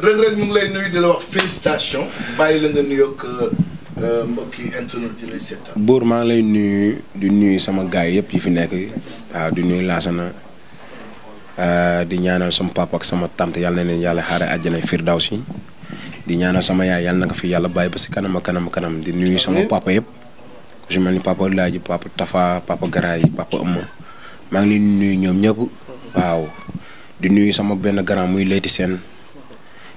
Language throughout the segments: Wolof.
Reug Reug ñu lay nuyu di la wax félicitation bàyyi euh, euh, buur maa ngi lay nuyu di nuyu sama gaay yëpp yi fi nekk waaw di nuyu Laasana euh, di ñaanal sama papa ak sama tante yàlla na leen yàlla xaare àjjana firdawsi di ñaanal sama yaay yàlla na ko fi yàlla bàyyi ba si kanam a kanam kanam di nuyu sama papa yépp ku si mel ni papa Laaji papa Tafa papa Garaay papa Amma maa ngi leen nuyu ñoom ñëpp waaw di nuyu sama benn grand muy Leyti Sène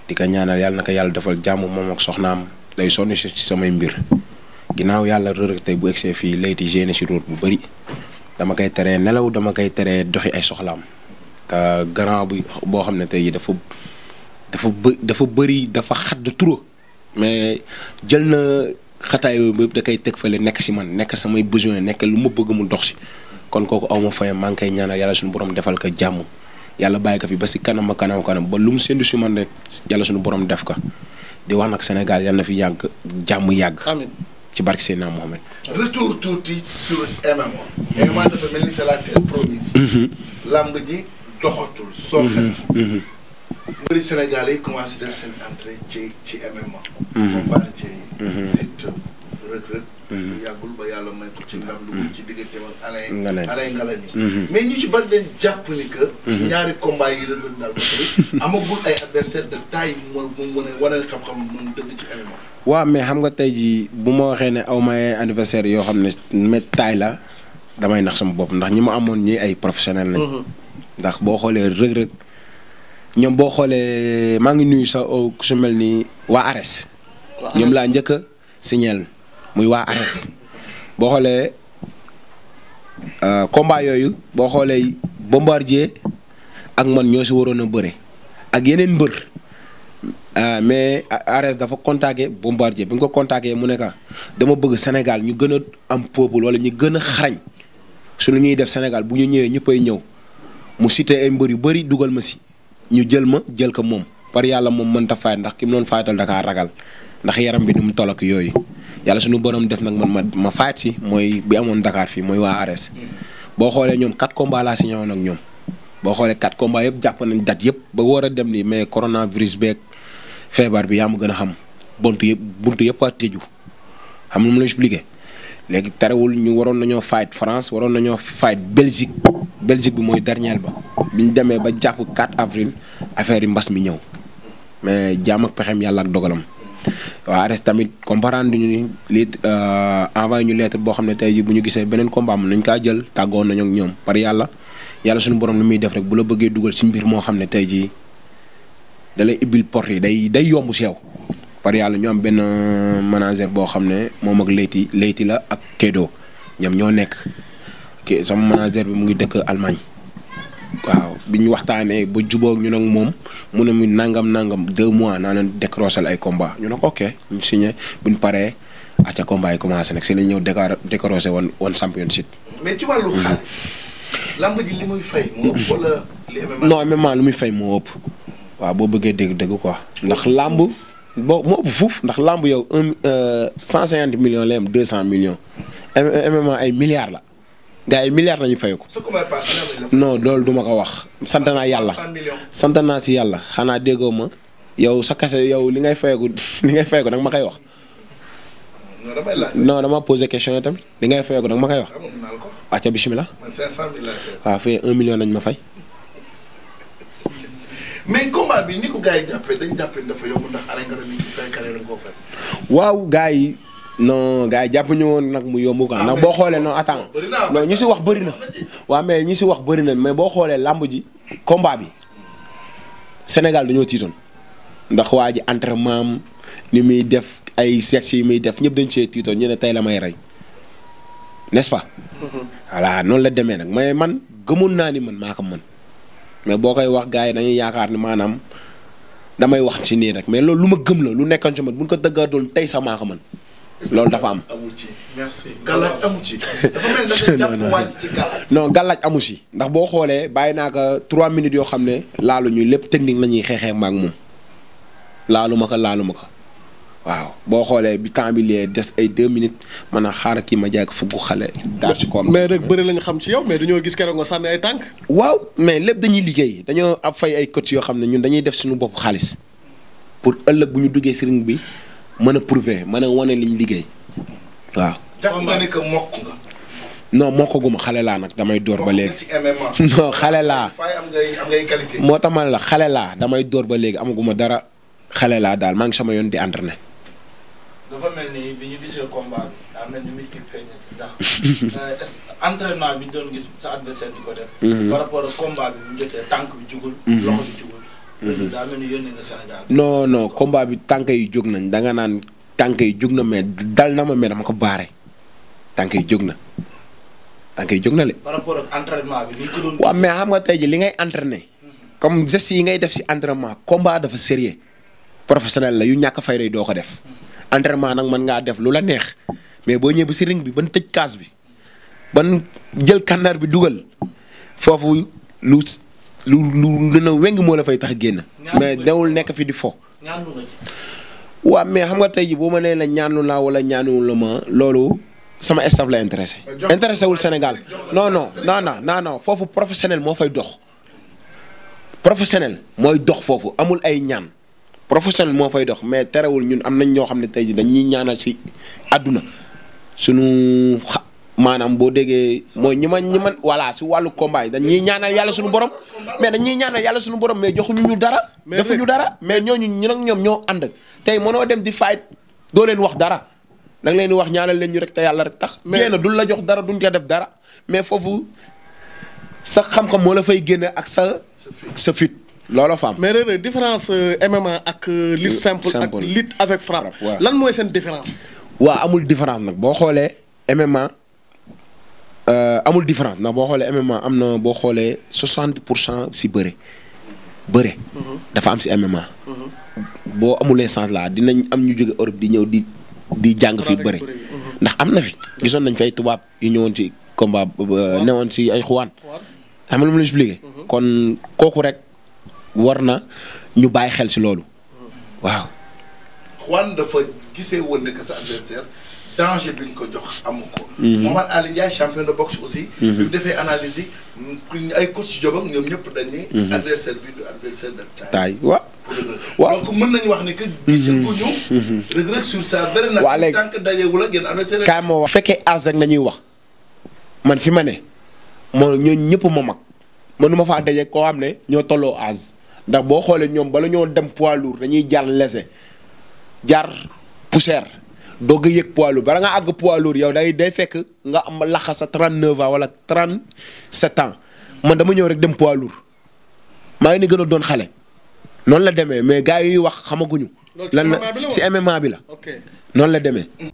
di ko ñaanal yàlla na ko yàlla defal jàmm moom ak soxnaam day sonn si samay mbir ginnaaw yàlla Reug Reug tey bu egsee fii layti génne si route bu bëri dama koy teree nelaw dama koy teree doxi ay soxlaam te garant boo xam ne tey dafa dafa bë dafa bëri dafa xat de trop mais jël na xataay yooyu bépp da koy teg fële nekk si man nekk samay besoin nekk lu ma bëgg mu dox si kon kooku aw ma fayam maa koy ñaanal yàlla suñu borom defal ko jàmm. yàlla bàyyi ka fi ba si kanam a kanam kanam ba lu mu séntu si man rek yàlla suñu borom def ko di wax nag Sénégal yàlla na fi yàgg jàmm yàgg. amiin ci barke Seydina Mohamed. retour tuuti sur MMA. MMA mm-hmm. dafa mel ni c'est la terre mm-hmm. mm-hmm. yi commencé def seen entrée ci ci MMA. ci site rëg lu mm-hmm. yàggul yàlla may ko ci ndam lu mm-hmm. ci diggante ak alay alay ngala mais mm-hmm. ñaari combat yi la xam mais xam nga tey jii bu ma waxee ne aw ma ay adversaire yoo xam ne mais taille la damay nax sama bopp ndax ñi ma amoon ñi ay professionnel lañ ndax boo xoolee rëg-rëg ñoom boo xoolee maa ngi nuyu sa su mel ni waa Ares ñoom laa njëkk a signal muy waa Ares boo xoolee euh, combat yooyu boo xoolee bombardier ak man ñoo si waroon a bëre ak yeneen mbër euh, mais Ares dafa contacté bombardier bi nga ko contacté mu ne ka dama bëgg Sénégal ñu gën a am peuple wala ñu gën a xarañ su lu ñuy def Sénégal bu ñu ñëwee ñëppay ñëw mu cité ay mbër yu bari dugal ma si ñu jël ma jël ko moom par yàlla moom mënta fay ndax ki mu doon fayatal da ragal ndax yaram bi ni mu tolak yooyu. yàlla suñu borom def nag man ma ma si mooy bi amoon Dakar fii mooy waa Ares boo xoolee ñoom quatre combats laa signé woon ak ñoom boo xoolee quatre combats yëpp jàpp nañ date yëpp ba war a dem nii mais coronavirus beeg feebar bi yaa ma gën a xam buntu yëpp buntu yëpp a tëju xam nga léegi terewul ñu waroon nañoo fight France waroon nañoo fight Belgique Belgique bi mooy dernier ba bi ñu demee ba jàpp 4 avril affaire yi mbas mi ñëw mais jaam ak pexem yàlla ak dogalam. waaw Ares tamit comprendre ñu liit lii euh, envoyé ñu lettre boo xam ne tey jii bu ñu gisee beneen combat am nañ kaa jël tàggoon nañu ak ñoom par yàlla yàlla suñu borom lu muy def rek bu la bëggee dugal si mbir moo xam ne tey jii da lay ibbil porte yi day day yomb seew par yàlla ñu am benn euh, manager boo xam ne moom ak Leyti Leyti la ak Kedo ñoom ñoo nekk sama manager bi mu ngi dëkk Allemagne waaw. bi ñu waxtaanee ba jubóog ñu nag moom mu ne mu nangam nangam deux mois naa leen décrocher ay combat ñu ne ko ok ñu signé bu ñu paree acca combat yi commencé nag si la ñëw décor décrocher woon woon championship. mais ci wàllu xaalis. lamb ji li muy fay moo ëpp wala li MMA. non MMA lu muy fay moo ëpp. waaw boo bëggee dégg dëgg quoi ndax lamb boo moo ëpp fuuf ndax lamb yow un euh, cent cinquante millions la yem deux cent millions MMA ay milliards la. gars yi milliards nañu fay ko. non loolu duma ko wax. santa naa yàlla sant naa si yàlla xanaa déggoo ma yow sa kase yow li ngay fayeeku li ngay fayeeku nag ma koy wax. non dama posé question yi tamit ngay fayeeku nag ma koy wax. waaw ca bisimilah. waaw million nañ ma fay. waaw gars yi. non gars yi jàpp ñu woon nag mu yomb quoi ndax boo xoolee non attends non ñi si wax bëri na waaw mais ñi si wax bëri na mais boo xoolee làmb ji combat bi Sénégal dañoo tiitoon ndax waa ji entraînement am ni muy def ay sexe yi muy def ñëpp dañ cee tiitoon ñu ne tey la may rey n'est-ce pas. noonu la demee nag mais man gëmoon naa ni man maa ko mën mais boo koy wax gars yi dañuy yaakaar ni maanaam damay wax ci nii rek mais loolu lu ma gëm la lu nekkoon ci man bu ñu ko dëggaatoon tey sax maa ko loolu dafa am. amu ci merci gàllaaj amu ci. dafa mel amu ci ndax boo xoolee bàyyi naa ko trois minutes yoo xam ne laalu ñu lépp technique la ñuy xeexee maak moom laalu ma ko laalu ma ko waaw boo xoolee bi temps bi lee des ay deux minutes man a xaaral kii ma jaay ko fukk xale. daal ci koom mais rek bëri lañu xam ci yow mais dañoo gis keroog nga sànni ay tànk. waaw mais lépp dañuy liggéey dañoo ab fay ay coach yoo xam ne ñun dañuy def suñu bopp xaalis pour ëllëg bu ñu duggee sëriñ bi mën a prouver mën a wane liñ liggéey waaw. jàpp nga ne xale laa nag damay door ba léegi. non xale laa. moo tax man la xale laa damay door ba léegi amaguma dara xale laa daal maa ngi sama yoon di entraîné. dafa mel ni bi ñu gisee combat bi am euh, ko mhm. jotee tànk bi jugul. Mhm. Mm-hmm. daa mel ni yónnee nga bi tànk yi jóg nañ da naan tànk yi jóg na mais dal na ma mais dama ko baare tànk yi jóg na tànk jóg na le. par rapport ak entraînement xam nga tey ji li ngay entraîné. Mm-hmm. comme gestes yi ngay def si entraînement combat dafa sérieux professionnel la yu ñàkk fay day doo ko def. Mm-hmm. entraînement nag mën ngaa def lu la neex mais boo ñëwee ba si ring bi ban tëj kaas bi ban jël kànnaar bi dugal foofu lu lu lu lu na weng moo la fay tax génn. mais dawul nekk fi di fo. waaw mais xam nga tey jii boo ma nee la ñaanu naa wala ñaanuwul la ma loolu sama staff la intéressé. intéressé wul Sénégal non non non non non foofu professionnel moo fay dox. professionnel mooy dox foofu amul ay ñaan professionnel moo fay dox mais terewul ñun am nañ ñoo xam ne tey jii dañuy ñaanal si àdduna sunu maanaam boo déggee mooy ñi ma ñi ma voilà si wàllu combat yi dañuy ñaanal yàlla suñu borom mais dañuy ñaanal yàlla suñu borom mais joxuñu ñu dara mais ñooñu ñu ñoom ñoo ànd tey mënoo dem di fight doo leen wax dara da leen di wax ñaanal leen ñu rek te yàlla rek tax mais na duñ la jox dara duñ ko def dara mais foofu sax xam-xam moo la fay génne ak sa sa fit looloo fa am mais différence euh, MMA ak euh, lutte simple ak lutte avec frappe lan mooy seen différence waa amul différence nag boo xoolee Euh, amul différence ndax boo xoolee MMA am na boo xoolee 60 pour cent si bëre bëre. dafa am si MMA. boo amulee sens laa dinañ am ñu jóge Europe di ñëw di di jàng fi bëre. ndax am na fi gisoon nañ fi ay tubaab yu ñëwoon ci combat euh, newoon si ay xuwaan. xam nga lu ma mhm. kon kooku rek war na ñu bàyyi xel si loolu. Mhm. waaw. danger bi ñu ko jox amu ko. Mhm. a Aliou Ndiaye champion de boxe aussi. Mhm. bi mu defee analyse yi ay coach Diop ak ñoom ñëpp dañ ne. Mhm. adversaire mën nañu wax ni que. gisul ko ñu. Reug Reug sur sa bëri na. waaw léegi tant que dajewul ak yéen fekkee as rek la ñuy wax man fi ma ne moo ñooñu ñëpp ma mag mënuma faa daje koo xam ne ñoo tolloo as ndax boo xoolee ñoom bala ñoo dem poids lourd dañuy jaar lese jaar poussière. doog a yëg poids lourd nga àgg poids lourd yow day day fekk nga am laxa sa 39 ans wala 37 ans man dama ñëw rek dem poids lourd maa ngi ni gën doon xale. noonu la demee mais gars yi wax xamaguñu. lan la ci MMA bi la. noonu la demee.